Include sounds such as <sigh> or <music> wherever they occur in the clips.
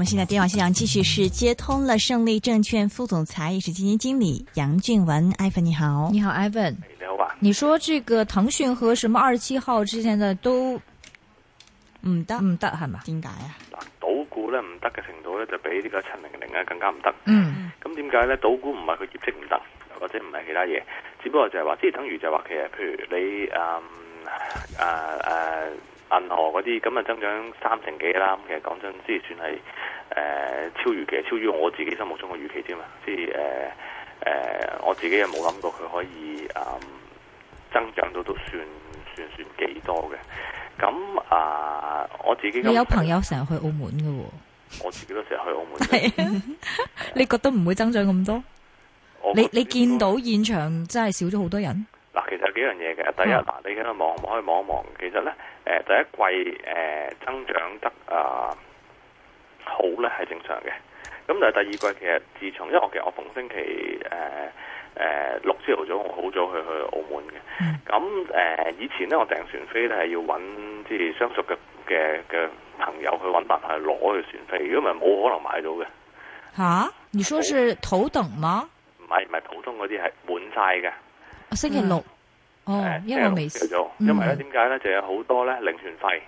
我們現在電話線上繼續是接通了勝利證券副總裁，也是基金經理楊俊文。Ivan 你好，你好，Ivan，你好吧？你說這個騰訊和什麼二十七號之前的都唔得唔得係嘛？點解啊？嗱，賭股咧唔得嘅程度咧就比呢個陳明玲啊更加唔得。嗯，咁點解咧？賭股唔係佢業績唔得，或者唔係其他嘢，只不過就係話，即係等於就話其實，譬如你嗯啊啊。嗯嗯嗯銀河嗰啲咁啊，增長三成幾啦。咁其實講真，即係算係誒、呃、超預期，超於我自己心目中嘅預期添嘛。即係誒誒，我自己又冇諗過佢可以啊、呃、增長到都算算算幾多嘅。咁啊、呃，我自己你有朋友成日去澳門㗎喎？我自己都成日去澳門。 <laughs> 嗯、 <laughs> 你覺得唔會增長咁多？覺你你見到現場真係少咗好多人？幾樣嘢嘅，第一嗱，你喺度望，可以望一望。其實咧，誒，第一季誒、呃、增長得啊、呃、好咧，係正常嘅。咁但係第二季，其實自從因為我其實我逢星期誒誒、呃呃、六朝頭早我好早去去澳門嘅。咁誒、嗯呃、以前咧，我訂船飛咧係要揾即係相熟嘅嘅嘅朋友去揾辦法去攞嘅船飛，如果唔係冇可能買到嘅。嚇、啊，你說是頭等嗎？唔係唔係，普通嗰啲係滿晒嘅。嗯、星期六。哦，因為未少，嗯、因為咧點解咧，就有好多咧零團費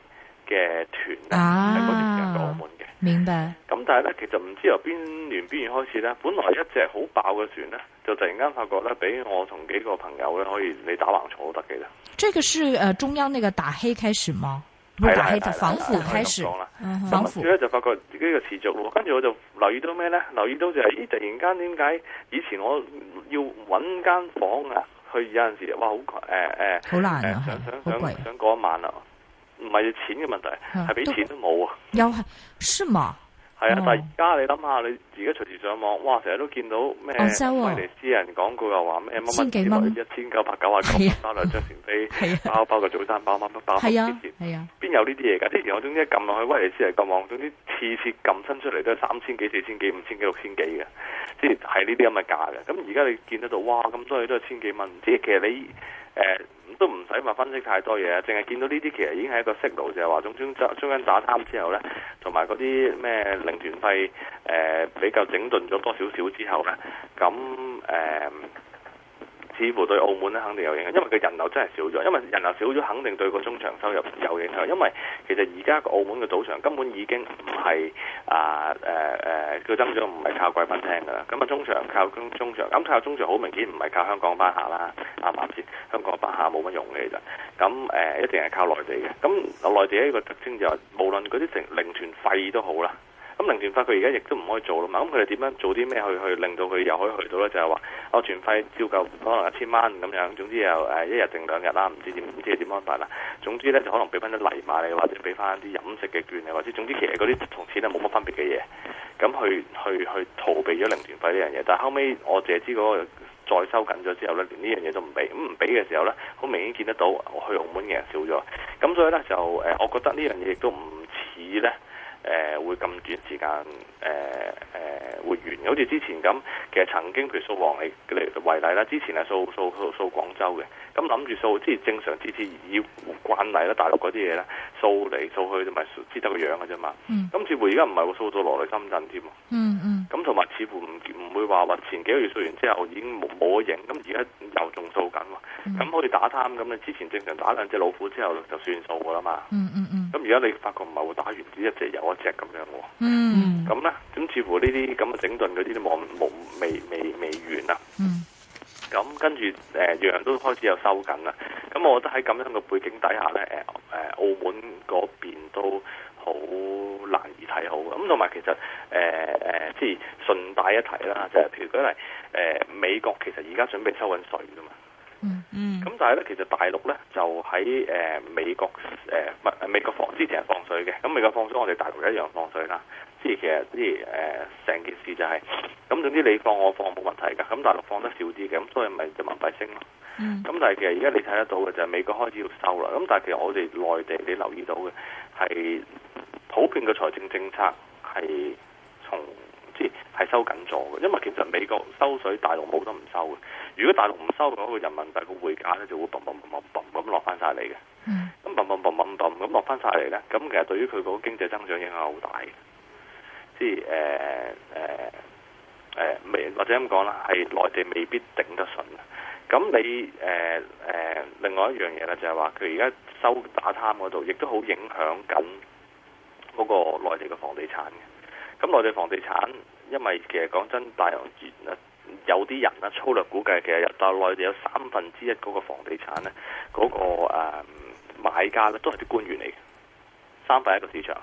嘅團咧，嗰啲嚟到澳門嘅，明白。咁但係咧，其實唔知由邊年邊月開始咧，本來一隻好爆嘅船咧，就突然間發覺咧，俾我同幾個朋友咧，可以你打橫坐都得嘅啦。這個是誒、呃、中央呢個打黑開始嗎？唔係的打黑，反腐開始。反腐，跟住咧就發覺自己嘅持續咯，跟住我就留意到咩咧？留意到就係咦，突然間點解以前我要揾間房，間房間啊？佢有陣時哇，好誒誒誒，好難啊，想的想想、啊、想過一晚啊，唔係錢嘅問題，係俾、啊、錢都冇啊！又係。是嘛？係啊，哦、但而家你諗下，你而家隨時上網，哇！成日都見到咩？威尼斯人廣告又話咩？Moment, 千幾蚊？一千九百九啊，港包兩張船飛，啊、包包個早餐，包乜乜， <laughs> 包飛機錢。邊、啊啊、有呢啲嘢㗎？之前我總之一撳落去威尼斯人撳網，總之次次撳新出嚟都係三千幾、四千幾、五千幾、六千幾嘅，即係呢啲咁嘅價嘅。咁而家你見得到，哇！咁多嘢都係千幾蚊，唔知其實你。誒、呃、都唔使話分析太多嘢，淨係見到呢啲其實已經係一個 signal，就係話中、中、中央打貪之後咧，同埋嗰啲咩零團費誒、呃、比較整頓咗多少少之後咧，咁誒，呃似乎對澳門咧肯定有影響，因為佢人流真係少咗，因為人流少咗，肯定對個中場收入有影響。因為其實而家個澳門嘅賭場根本已經唔係啊，誒誒，佢增長唔係靠貴賓廳㗎，咁啊，中場靠中場靠中場，咁靠中場好明顯唔係靠香港賓客啦，啊，甚至香港賓客冇乜用嘅其實，咁誒、呃、一定係靠內地嘅，咁內地呢個特徵就係、無論嗰啲成零團費都好啦。咁零團費佢而家亦都唔可以做嘛。咁佢哋點樣做啲咩去去令到佢又可以去到呢？就係話，哦，團費照舊可能一千蚊咁樣，總之又誒、呃、一日定兩日啦，唔知點唔知點安排啦。總之呢，就可能俾翻啲禮物你，或者俾翻啲飲食嘅券你，或者總之其實嗰啲同錢係冇乜分別嘅嘢，咁去去去逃避咗零團費呢樣嘢。但後尾我淨係知嗰個再收緊咗之後呢，連呢樣嘢都唔俾，咁唔俾嘅時候呢，好明顯見得到我去澳門嘅人少咗。咁所以呢，就誒、呃，我覺得呢樣嘢亦都唔似呢。誒會咁短時間誒誒、呃呃、會完，好似之前咁，其實曾經譬如掃黃係嚟為例啦，之前係掃掃掃掃廣州嘅，咁諗住掃，之前正常，次次以以慣例啦，大陸嗰啲嘢啦，掃嚟掃去啫，咪知得個樣嘅啫嘛。嗯。今次會而家唔係話掃到落去深圳添。嗯嗯。咁同埋似乎唔唔會話，話前幾個月掃完之後已經冇冇咗影，咁而家又仲掃緊喎。咁好似打貪咁，你之前正常打兩隻老虎之後就算數噶啦嘛。嗯嗯嗯。咁而家你發覺唔係，會打完隻一隻又一隻咁樣喎。嗯、mm。咁、hmm. 咧，咁似乎呢啲咁嘅整頓嗰啲都冇冇未未未完啦、啊。嗯、mm。咁、hmm. 跟住誒樣樣都開始有收緊啦。咁我覺得喺咁樣嘅背景底下咧，誒誒澳門嗰邊都。好難以睇好咁，同埋其實誒誒，即、呃、係順帶一提啦，就係、是、譬如佢係誒美國，其實而家準備收緊水噶嘛。嗯嗯。咁、嗯、但係咧，其實大陸咧就喺誒、呃、美國誒唔係美國放之前係放水嘅，咁美國放水，我哋大陸一樣放水啦。即係其實即係誒成件事就係、是、咁。總之你放我放冇問題㗎。咁大陸放得少啲嘅，咁所以咪就人民幣升咯。咁、嗯嗯、但係其實而家你睇得到嘅就係、是、美國開始要收啦。咁但係其實我哋內地你留意到嘅係。普遍嘅財政政策係從即係收緊咗嘅，因為其實美國收水，大陸冇得唔收嘅。如果大陸唔收嘅話，個人民幣個匯價咧就會嘣嘣嘣嘣嘣咁落翻晒嚟嘅。咁嘣嘣嘣嘣嘣咁落翻晒嚟咧，咁、嗯嗯嗯嗯嗯、其實對於佢嗰個經濟增長影響好大嘅。即係誒誒誒未，或者咁講啦，係內地未必頂得順。咁你誒誒、呃呃、另外一樣嘢咧，就係話佢而家收打貪嗰度，亦都好影響緊。嗰個內地嘅房地產嘅，咁內地房地產，因為其實講真，大良住咧有啲人咧粗略估計，其實入內地有三分之一嗰個房地產咧，嗰、嗰個誒、嗯、買家咧都係啲官員嚟嘅，三分一個市場，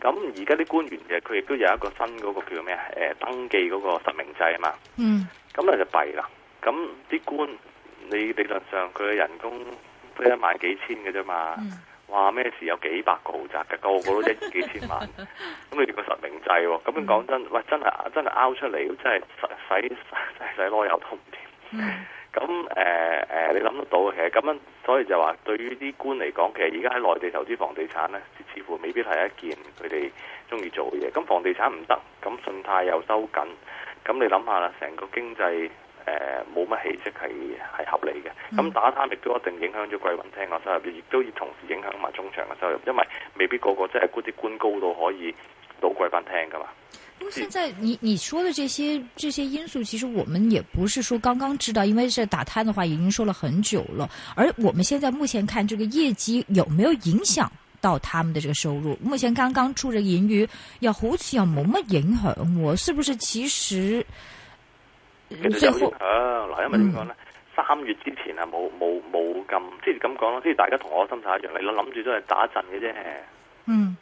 咁而家啲官員嘅佢亦都有一個新嗰、嗰個叫咩啊？誒登記嗰個實名制啊嘛，嗯，咁咧就弊啦，咁啲官你理論上佢嘅人工得一萬幾千嘅啫嘛。嗯話咩事有幾百個豪宅嘅，個個都一億幾千萬，咁你哋個實名制喎，咁樣講真，喂真係真係拗出嚟，真係使真係使攞有痛添。咁誒誒，你諗得到嘅，其實咁樣，所以就話對於啲官嚟講，其實而家喺內地投資房地產咧，似乎未必係一件佢哋中意做嘅嘢。咁房地產唔得，咁信貸又收緊，咁你諗下啦，成個經濟。誒，冇乜起色係係合理嘅。咁、嗯、打攤亦都一定影響咗貴賓廳嘅收入，亦都要同時影響埋中場嘅收入，因為未必個個即係嗰啲官高到可以到貴賓廳㗎嘛。咁、嗯，因為現在你你說的這些這些因素，其實我們也不是說剛剛知道，因為是打攤的話已經說了很久了。而我們現在目前看這個業績有沒有影響到他們的這個收入？目前剛剛出嘅盈餘又好似又冇乜影響我，是不是？其實。其實有影響，嗱，因為點講咧？嗯、三月之前啊，冇冇冇咁，即係咁講咯，即係大家同我心態一樣，你諗諗住都係打一陣嘅啫。嗯，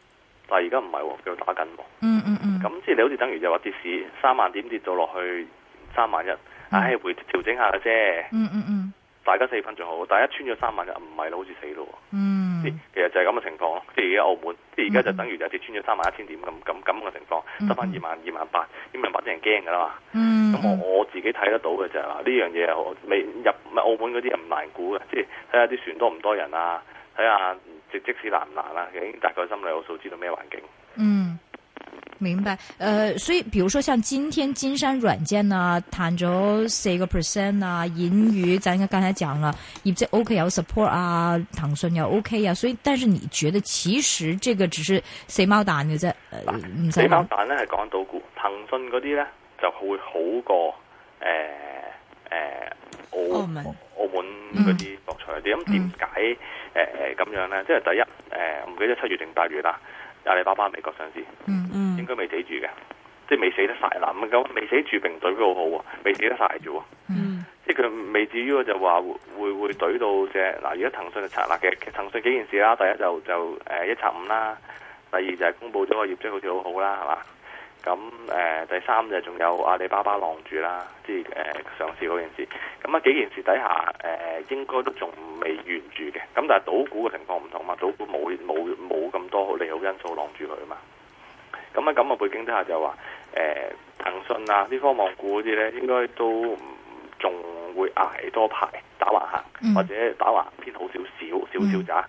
但係而家唔係喎，叫打緊喎。嗯嗯嗯，咁即係你好似等於就話跌市三萬點跌到落去三萬一，唉、嗯，會調、哎、整下嘅啫，嗯。嗯嗯嗯，大家四分仲好，大家穿咗三萬一，唔係啦，好似死咯，哦嗯。嗯。Mm hmm. 其實就係咁嘅情況咯，即係而家澳門，即係而家就等於又跌穿咗三萬一千點，咁咁咁嘅情況，得翻二萬二萬八，二明白，啲人驚噶啦嘛。咁我我自己睇得到嘅就係話呢樣嘢，未入澳門嗰啲又唔難估嘅，即係睇下啲船多唔多人啊，睇下即即使難唔難啦、啊，大概心裏有數知道咩環境。明白，呃，所以，比如說，像今天金山軟件啊，彈咗四個 percent 啊，盈餘，就，應該剛才講啦，業績 OK，有 support 啊，騰訊又 OK 啊，所以，但是你覺得其實這個只是死貓彈嘅啫，嗯呃、死貓彈咧係講到港股，騰訊嗰啲咧就會好過誒誒澳澳門嗰啲博彩，嗯、你諗點解誒誒咁樣咧？即係第一，誒、呃，唔記得七月定八月啦，阿里巴巴美國上市，嗯嗯。嗯嗯嗯都未死住嘅，即係未死得晒。嗱咁，未死住並懟佢好好喎，未死得晒啫喎。嗯，即係佢未至於我就話會會懟到只、就、嗱、是。而家騰訊係拆納嘅，騰訊幾件事啦、啊，第一就就誒一拆五啦，第二就係公布咗個業績好似好好啦，係嘛？咁、嗯、誒，第三就仲有阿里巴巴晾住啦，即係誒上市嗰件事。咁、嗯、啊，幾件事底下誒，應該都仲未完住嘅。咁但係賭股嘅情況唔同嘛，賭股冇冇冇咁多利好因素晾住佢啊嘛。咁、哎、啊，咁嘅背景底下就話，誒，騰訊啊，呢科網股嗰啲咧，應該都唔仲會挨多排打橫行，或者打橫偏好少少少少咋。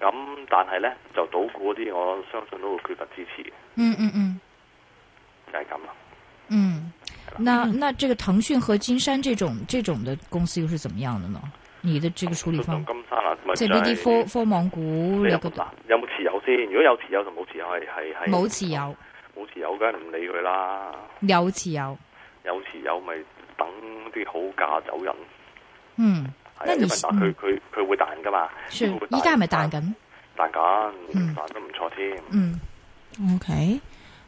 咁、嗯、但係咧，就賭股嗰啲，我相信都會缺乏支持。嗯嗯嗯，就係咁咯。嗯，嗱，嗱，呢個騰訊和金山這種這種嘅公司又是怎麼樣嘅呢？你的這個處理方法？啊、金山啊，即係呢啲科科網股，如果有持有就冇持有，係係係冇持有，冇持有梗係唔理佢啦。有持有，有持有咪等啲好價走人。嗯，係佢佢佢會彈噶嘛？算。依家係咪彈緊？彈緊，彈得唔錯添。錯嗯，OK。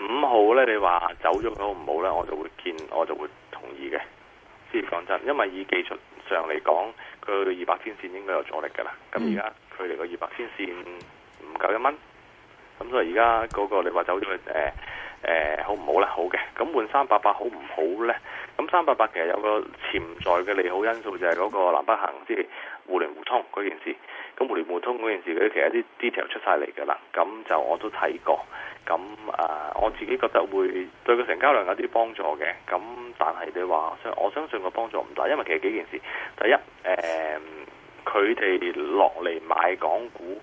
五號咧，你話走咗佢好唔好咧？我就會見，我就會同意嘅。先講真，因為以技術上嚟講，佢去到二百天線應該有阻力噶啦。咁而家佢離個二百天線唔夠一蚊，咁所以而家嗰個你話走咗誒誒好唔好咧？好嘅。咁換三百八好唔好咧？咁三百八其實有個潛在嘅利好因素就係嗰個南北行即係互聯互通嗰件事。咁互聯互通嗰件事，佢其實啲 detail 出晒嚟㗎啦，咁就我都睇過，咁啊、呃、我自己覺得會對佢成交量有啲幫助嘅，咁但係你話，我相信個幫助唔大，因為其實幾件事，第一，誒佢哋落嚟買港股，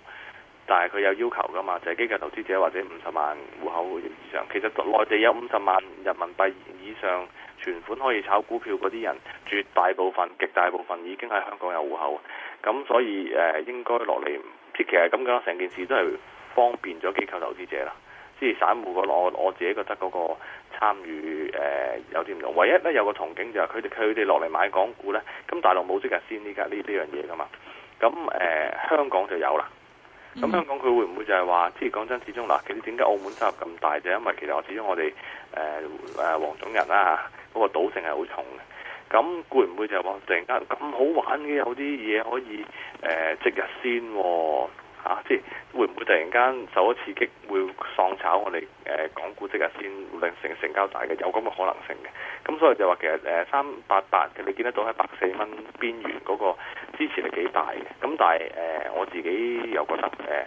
但係佢有要求㗎嘛，就係機構投資者或者五十萬戶口以上，其實內地有五十萬人民幣以上。存款可以炒股票嗰啲人，絕大部分、極大部分已經喺香港有戶口，咁所以誒、呃、應該落嚟，即係其實咁樣，成件事都係方便咗機構投資者啦。即係散戶個，我我自己覺得嗰個參與、呃、有啲唔同。唯一咧，有一個憧憬就係佢哋佢哋落嚟買港股咧，咁大陸冇即日先呢家呢呢樣嘢噶嘛。咁誒、呃、香港就有啦。咁香港佢會唔會就係話，即係講真，始終嗱，其實點解澳門收入咁大就因為其實我始終我哋誒誒黃種人啦、啊。嗰個賭性係好重嘅，咁會唔會就話突然間咁好玩嘅，有啲嘢可以誒、呃、即日鮮喎、哦啊、即係會唔會突然間受咗刺激會喪炒我哋誒、呃、港股即日鮮令成成交大嘅，有咁嘅可能性嘅。咁所以就話其實誒三八八嘅，你見得到喺百四蚊邊緣嗰個支持力幾大嘅，咁但係誒、呃、我自己又覺得誒。呃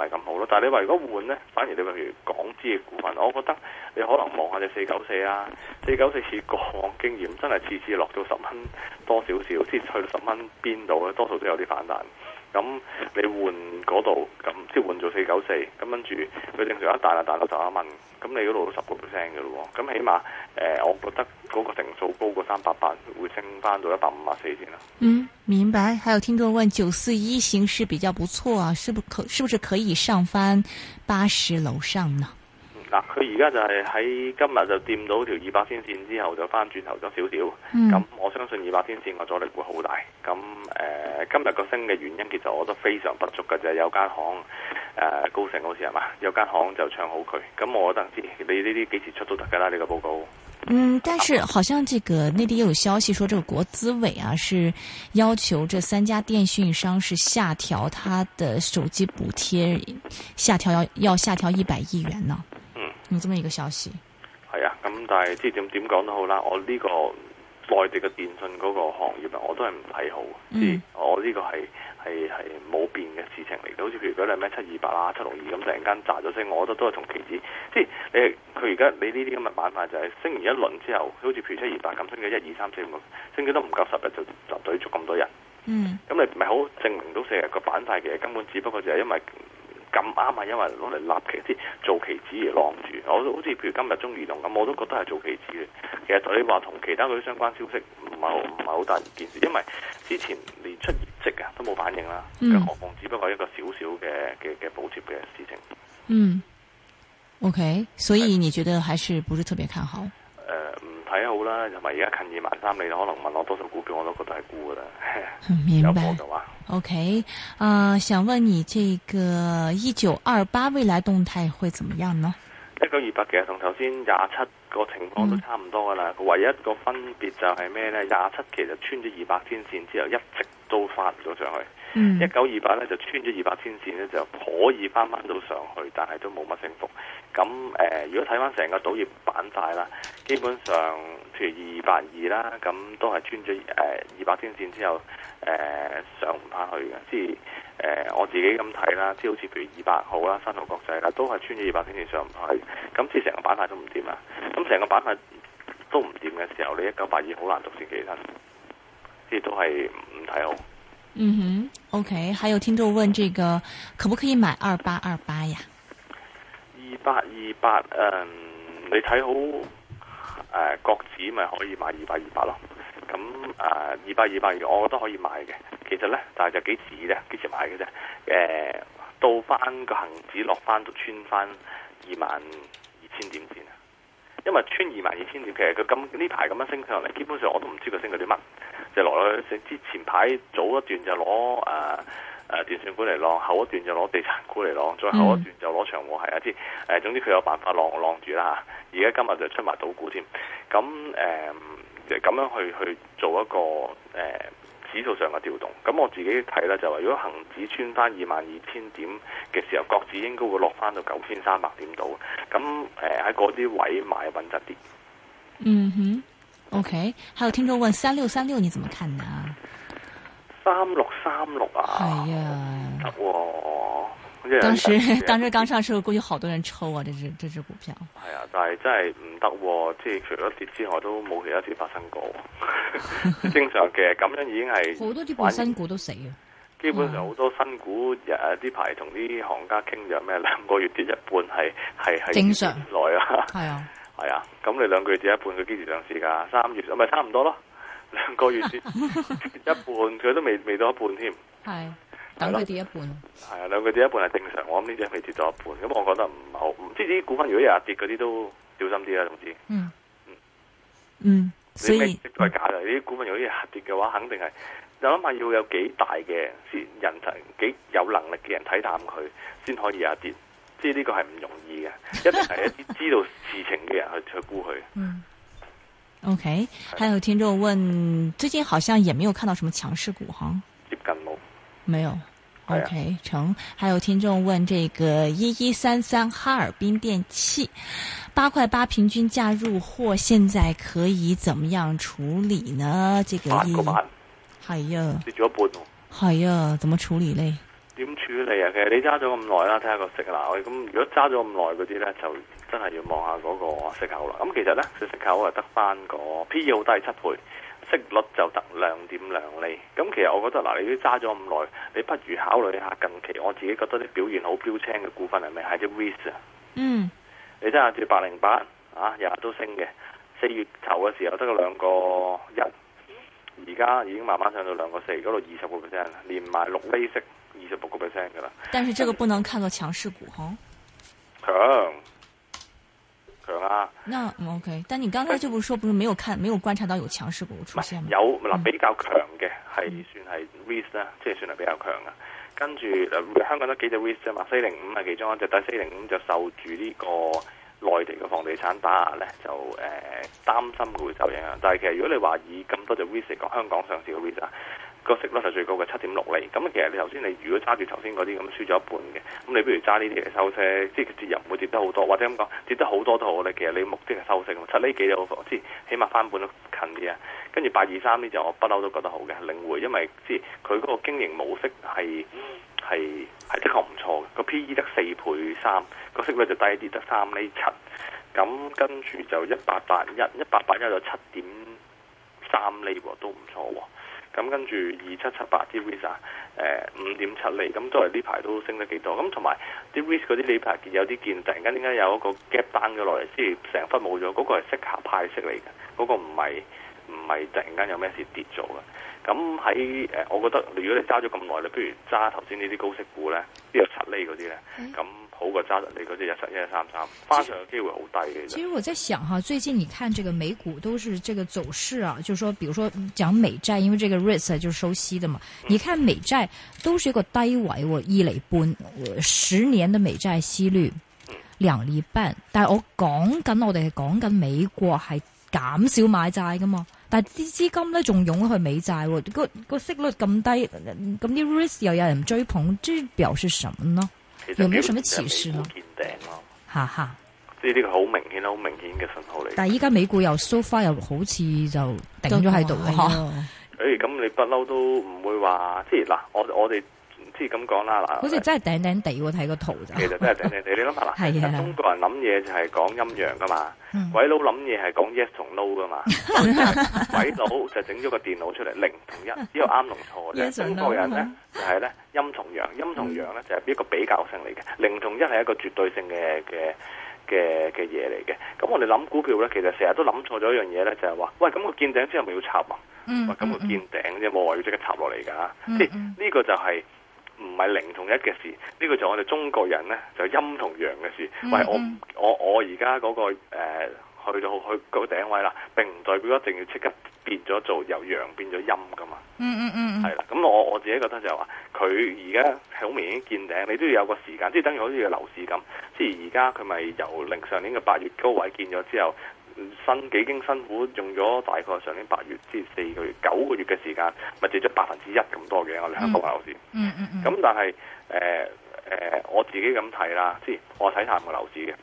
唔係咁好咯，但係你話如果換呢，反而你話譬如港資嘅股份，我覺得你可能望下隻四九四啊，四九四次過往經驗，真係次次落到十蚊多少少，先去到十蚊邊度咧，多數都有啲反彈。咁你換嗰度咁即係換做四九四，咁跟住佢正常一大粒大粒十啊萬，咁你嗰度都十個 percent 嘅咯，咁起碼誒，我覺得嗰個成數高過三百八會升翻到一百五啊四先啦。嗯，明白。還有聽眾問九四一形勢比較不錯啊，係咪？係咪可以上翻八十樓上呢？嗱，佢而家就係喺今日就掂到條二百天線之後，就翻轉頭咗少少。咁、嗯、我相信二百天線個阻力會好大。咁誒、呃，今日個升嘅原因其實我覺得非常不足嘅，就係、是、有間行誒、呃、高盛好似係嘛，有間行就唱好佢。咁我覺得知你呢啲幾時出都得㗎啦，呢、這個報告。嗯，但是好像這個內地有消息說，這個國資委啊，是要求這三家電訊商是下調他的手機補貼，下調要要下調一百億元呢、啊。有這麼一個消息，係啊，咁但係即係點點講都好啦，我呢個內地嘅電信嗰個行業啊，我都係唔睇好，即、嗯、我呢個係係係冇變嘅事情嚟嘅，好似譬如嗰兩咩七二八啊、七六二咁，突然間炸咗聲，我覺得都係同其是是這這、就是、期指。即係誒，佢而家你呢啲咁嘅板塊就係升完一輪之後，好似譬如七二八咁升嘅一二三四五，升咗都唔夠十日就集體捉咁多人，嗯，咁你咪好證明到成日個板塊其實根本只不過就係因為。咁啱係因為攞嚟立旗啲做旗子而浪住，我都好似譬如今日中移動咁，我都覺得係做旗子嘅。其實你話同其他嗰啲相關消息唔係唔係好大件事，因為之前連出業績啊都冇反應啦，更何況只不過一個小小嘅嘅嘅補貼嘅事情。嗯，OK，所以你覺得還是不是特別看好？.睇好啦，同埋而家近二萬三，你可能問我多數股票，我都覺得係沽噶啦。明白。有冇就話。OK，啊、uh，想問你呢個一九二八未來動態會點樣呢？一九二八其實同頭先廿七個情況都差唔多噶啦，佢唯一個分別就係咩咧？廿七其實穿咗二百天線之後，一直都發唔到上去。一九二八咧就穿咗二百天線咧就可以翻翻到上去，但係都冇乜升幅。咁誒、呃，如果睇翻成個賭業板塊啦，基本上譬如二百二啦，咁都係穿咗誒二百天線之後誒、呃、上唔翻去嘅。即係誒我自己咁睇啦，即係好似譬如二百號啦、新濠國際啦，都係穿咗二百天線上唔去。咁即係成個板塊都唔掂啦！咁成個板塊都唔掂嘅時候，你一九八二好難獨善其身。即係都係唔睇好。嗯哼、mm。Hmm. OK，還有聽眾問，這個可不可以買二八二八呀？二八二八，誒，你睇好誒國指咪可以買二八二八咯？咁誒二八二八，我覺得可以買嘅。其實呢，但係就幾時呢？幾時買嘅啫。誒、呃，到翻個恒指落翻就穿翻二萬二千點先。因為穿二萬二千點，其實佢咁呢排咁樣升上嚟，基本上我都唔知佢升咗啲乜，就來來去去之前排早一段就攞誒誒電信股嚟晾，後一段就攞地產股嚟晾，再後一段就攞長和系啊，即係誒總之佢有辦法晾晾住啦嚇。而家今日就出埋賭股添，咁誒咁樣去去做一個誒。呃指數上嘅調動，咁我自己睇喇就話，如果恒指穿翻二萬二千點嘅時候，國指應該會落翻到九千三百點度。咁誒喺嗰啲位買穩陣啲。嗯哼，OK，還有聽眾問三六三六，你怎麼看呢？三六三六啊，係啊，哦，唔得喎。20, 當時實當時剛上市，估計好多人抽啊！呢隻這隻股票。係啊，但係真係唔得，即係除咗跌之外，都冇其他事發生過。 <laughs> <laughs> 正常嘅咁樣已經係。好 <laughs> 多啲新股都死。基本上好多新股，日誒呢排同啲行家傾就咩，兩個月跌一半，係係係。正常。嚟㗎。係啊。係啊，咁你兩個月跌一半，佢幾時上市噶，三月噉咪差唔多咯。兩個月跌一半，佢都未未到一半添。係。等佢跌一半，係啊、嗯，兩個跌一半係正常。我諗呢隻未跌到一半，咁我覺得唔好。即係啲股份如果壓跌嗰啲都小心啲啦。總之。嗯嗯，所以。你即係假嘅。你啲股份如果要壓跌嘅話，肯定係有諗法。要有幾大嘅先人，幾有能力嘅人睇淡佢，先可以壓跌。即係呢個係唔容易嘅，一定係一啲知道事情嘅人去去估佢。嗯。OK，還有聽眾問：最近好像也沒有看到什麼強勢股哈？沒有，OK、啊、成。還有聽眾問：這個一一三三哈爾濱電氣八塊八平均價入貨，現在可以怎麼樣處理呢？這個、e，八個萬，係、哎、呀啊，跌咗一半哦，係啊，怎麼處理呢？點處理啊？其實你揸咗咁耐啦，睇下個息啦。咁如果揸咗咁耐嗰啲咧，就真係要望下嗰個息口啦。咁其實咧，佢息口啊得翻個 P E 好低，七倍。息率就得兩點兩厘。咁其實我覺得嗱、啊，你都揸咗咁耐，你不如考慮下近期我自己覺得啲表現好標青嘅股份係咪係啲 whisk、嗯、啊？嗯，你真係住八零八啊，日日都升嘅，四月頭嘅時候得個兩個一，而家已經慢慢上到兩個四，嗰度二十個 percent，連埋六厘息二十六個 percent 嘅啦。但是這個不能看作強勢股哦。嗯嗯強啊，那 OK，但你剛才就不說，不是沒有看，沒有觀察到有強勢股出現有嗱，嗯、比較強嘅係算係 risk 咧，即係算係比較強嘅。跟住，香港得幾隻 risk 啫嘛，四零五係其中一隻，但係四零五就受住呢個內地嘅房地產打壓咧，就誒、呃、擔心會受影響。但係其實如果你話以咁多隻 risk 講香港上市嘅 risk 啊。個息率係最高嘅七點六厘。咁其實你頭先你如果揸住頭先嗰啲咁，輸咗一半嘅，咁你不如揸呢啲嚟收息，即係佢跌又唔會跌得好多，或者咁講跌得好多都好多套咧，其實你的目的係收息，七釐幾就好，即係起碼翻本都近啲啊。跟住八二三呢就我不嬲都覺得好嘅領匯，因為即係佢嗰個經營模式係係係的確唔錯嘅，個 P E 得四倍三，個息率就低啲得三厘七，咁跟住就一八八一，一八八一就七點三厘喎，都唔錯喎。咁、嗯嗯、跟住二七七八啲 Visa，誒五點七厘，咁都係呢排都升得幾多。咁同埋啲 Vis 嗰啲呢排見有啲見，突然間點解有一個 gap down 咗落嚟，即係成忽冇咗。嗰、嗰個係適合派息嚟嘅，嗰、嗰個唔係唔係突然間有咩事跌咗嘅。咁喺誒，我覺得如果你揸咗咁耐，你不如揸頭先呢啲高息股咧，啲七厘嗰啲咧，咁。嗯好嘅，揸人哋嗰啲一三一三三，翻上嘅機會好低嘅。其實我在想哈，最近你看這個美股都是這個走勢啊，就是說，比如說講美債，因為這個 risk 就收息的嘛。嗯、你看美債都是一個低位、哦，我一厘半，我、呃、十年的美債息率兩厘、嗯、半。但係我講緊我哋係講緊美國係減少買債嘅嘛，但係啲資金呢，仲湧去美債，個個息率咁低，咁、那、啲、個、risk 又有人追捧，即表示什麼呢？有冇上邊持續咯？見定哈哈！呢個好明顯，好明顯嘅信號嚟。但係依家美股又 so far 又好似就定咗喺度立。誒，咁、 <laughs> 哎、你不嬲都唔會話， <laughs> 即係嗱，我我哋。即咁講啦嗱，好似真係頂頂地喎，睇個圖就其實真係頂頂地，你諗下啦。係啊，中國人諗嘢就係講陰陽噶嘛，鬼佬諗嘢係講 yes 同 no 噶嘛。鬼佬就整咗個電腦出嚟，零同一只有啱同錯嘅。中國人咧就係咧陰同陽，陰同陽咧就係一個比較性嚟嘅，零同一係一個絕對性嘅嘅嘅嘅嘢嚟嘅。咁我哋諗股票咧，其實成日都諗錯咗一樣嘢咧，就係話，喂，咁個見頂之後咪要插啊？喂，咁個見頂即係冇話要即刻插落嚟㗎。即係呢個就係。唔係零同一嘅事，呢、這個就係我哋中國人呢，就陰、是、同陽嘅事。唔、嗯嗯、我我我而家嗰個、呃、去到去個頂位啦，並唔代表一定要即刻變咗做由陽變咗陰噶嘛。嗯嗯嗯，係啦。咁我我自己覺得就係、是、話，佢而家係好明顯見頂，你都要有個時間，即係等於好似個樓市咁。即係而家佢咪由零上年嘅八月高位見咗之後。新幾經辛苦，用咗大概上年八月至四個月，九個月嘅時間，咪跌咗百分之一咁多嘅我哋香港嘅樓市。嗯嗯。咁、嗯、但係，誒、呃、誒、呃，我自己咁睇啦，即係我睇下個樓市嘅。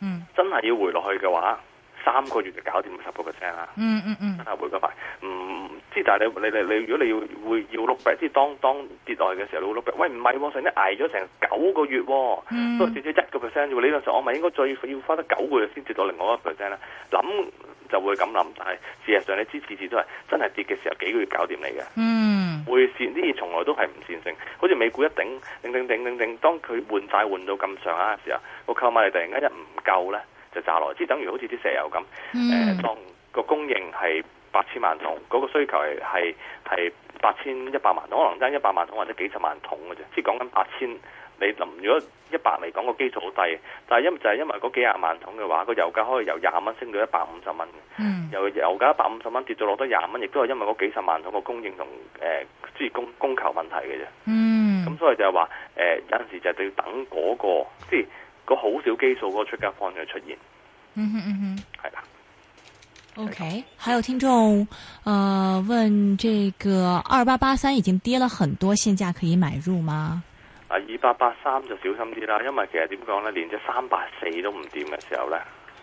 嗯。真係要回落去嘅話。三個月就搞掂十個 percent 啦，真係會咁快。唔知、嗯嗯嗯、但係你你你如果你，你，你，你，你，你要會要 look back 即係當當跌落去嘅時候，你會 look back，喂，唔係喎，甚至捱咗成九個月喎，嗯、都跌咗一個 percent 啫喎。你嗰陣我咪應該再要，要花得九個月先跌到另外一個 percent 咧？諗就會咁諗，但係事實上你次次次都係真係跌嘅時候幾個月搞掂你嘅，會線呢？從來都係唔線性。好似美股一頂，頂頂頂頂頂，當佢換債換到咁上下嘅時候，我購買力突然間一唔夠咧。如就炸落嚟，即係等於好似啲石油咁，誒、嗯、當個供應係八千萬桶，嗰、那個需求係係係八千一百萬桶，可能爭一百萬桶或者幾十萬桶嘅啫。即係講緊八千，你諗如果一百嚟講，個基數好低，但係因為就係因為嗰幾十萬桶嘅話，個油價可以由廿蚊升到一百五十蚊。嗯，由油價一百五十蚊跌咗落多廿蚊，亦都係因為嗰幾十萬桶個供應同誒，即、呃、係、就是、供供求問題嘅啫。嗯，咁所以就係話誒有陣時就要等嗰、那個即係。就是個好少基數嗰個出價方嘅出現，嗯哼嗯哼，係啦的。OK，還有聽眾，呃，問這個二八八三已經跌了很多，現價可以買入嗎？啊，二八八三就小心啲啦，因為其實點講咧，連隻三八四都唔掂嘅時候咧，誒、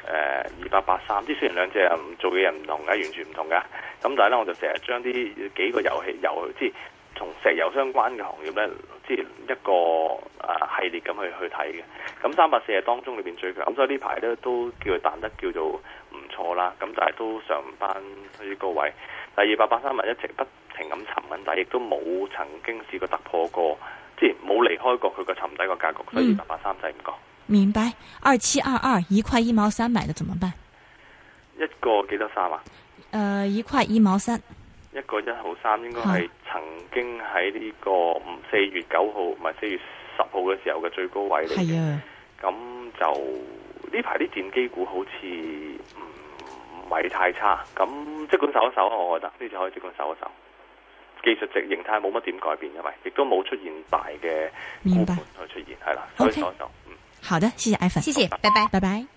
呃，二八八三，即雖然兩隻又唔做嘅人唔同嘅，完全唔同嘅，咁但係咧，我就成日將啲幾個遊戲由即係。從石油相關嘅行業咧，即係一個誒、呃、系列咁去去睇嘅。咁、嗯、三百四十當中裏邊最強，咁、嗯、所以呢排咧都叫佢彈得叫做唔錯啦。咁、嗯、但係都上唔翻去啲高位。但二百八三萬一直不停咁沉緊，但亦都冇曾經試過突破過，即係冇離開過佢個沉底個格局。所以二百八三就係唔講。明白。二七二二，一塊一毛三買嘅怎麼辦？一個幾多三啊？誒、呃，一塊一毛三。一個一毫三應該係曾經喺呢個四月九號唔係四月十號嘅時候嘅最高位嚟嘅。咁的就呢排啲電機股好似唔係太差，咁即管守一守，我覺得呢隻可以即管守一守。技術值形態冇乜點改變，係咪？亦都冇出現大嘅沽盤去出現，係啦白。O K，、嗯、好的，謝謝 Ivan，謝謝，好拜拜，拜拜。